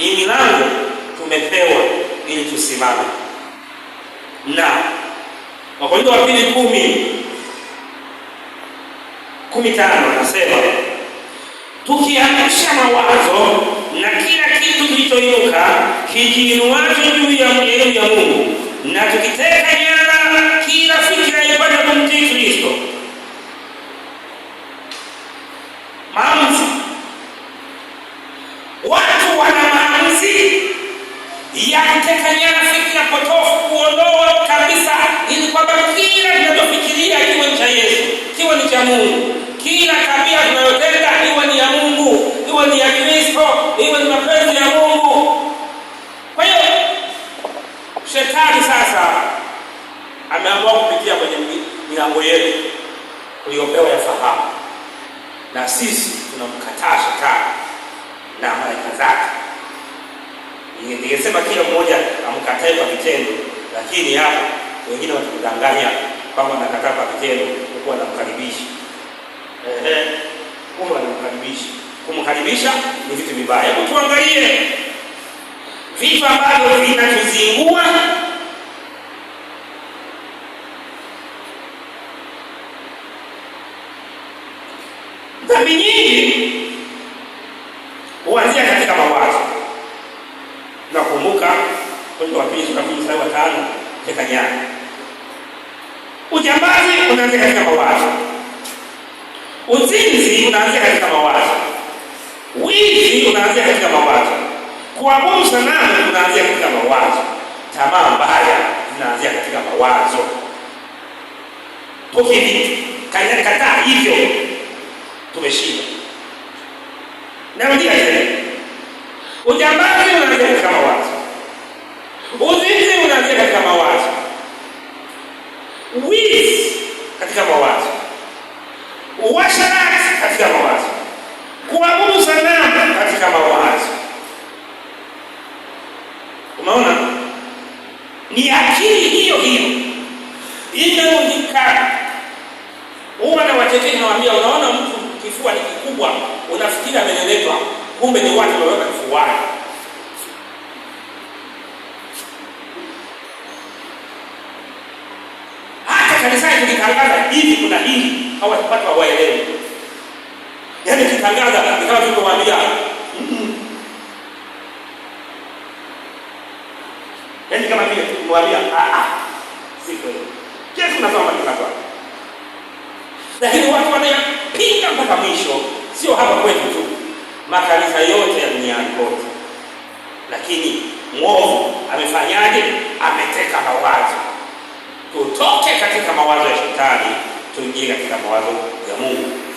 Ni milango tumepewa ili tusimame, na Wakorintho wa pili kumi kumi tano anasema tukiangusha mawazo na kila kitu kilichoinuka kijiinuacho juu ya elimu ya Mungu, na tukiteka nyara kila fikira ipate kumtii Kristo. Maamuzi watu wana ya kutekanyana fikra potofu, kuondoa kabisa, ili kwamba kila tunachofikiria kiwe ni cha Yesu, kiwe ni cha Mungu, kila tabia tunayotenda iwe ni ya Mungu, iwe ni ya Kristo, iwe ni mapenzi ya Mungu. Kwa hiyo shetani sasa ameamua kupitia kwenye milango yetu tuliyopewa ya fahamu, na sisi tunamkataa shetani na malaika zake Ningesema kila mmoja amkatae kwa vitendo, lakini hapa wengine watakudanganya kwamba anakataa kwa vitendo, huku anamkaribisha. Ehe, kumbe anamkaribisha. Kumkaribisha ni vitu vibaya. Hebu tuangalie vitu ambavyo vinatuzingua dhambi nyingi huanzia Kumbuka kwenye wa pili sura mbili mstari wa tano katika nyara. Ujambazi unaanza katika mawazo, uzinzi unaanza katika mawazo, wizi unaanza katika mawazo, kuabudu sanamu unaanza katika mawazo, tamaa mbaya zinaanzia katika mawazo. Pokeni kataa hivyo, tumeshinda. Narudia tena, ujambazi unaanza katika Umeona, ni akili hiyo hiyo imerundikana. Huwa na nawaambia, unaona mtu kifua ni kikubwa, unafikiri amenenepa, kumbe ni watu waweka kifuani. Hata kanisani tukitangaza hivi kuna hili, hawatapata waelewe, yaani kitangaza, nikawa tukawaambia Yaani kama vile kumwambia ah ah, si kweli. Yesu anasema maneno kwa Lakini watu wanayapinga mpaka mwisho, sio hapa kwetu tu, makanisa yote ya duniani kote. Lakini mwovu amefanyaje? Ameteka mawazo. Tutoke katika mawazo ya shetani tuingie katika mawazo ya Mungu.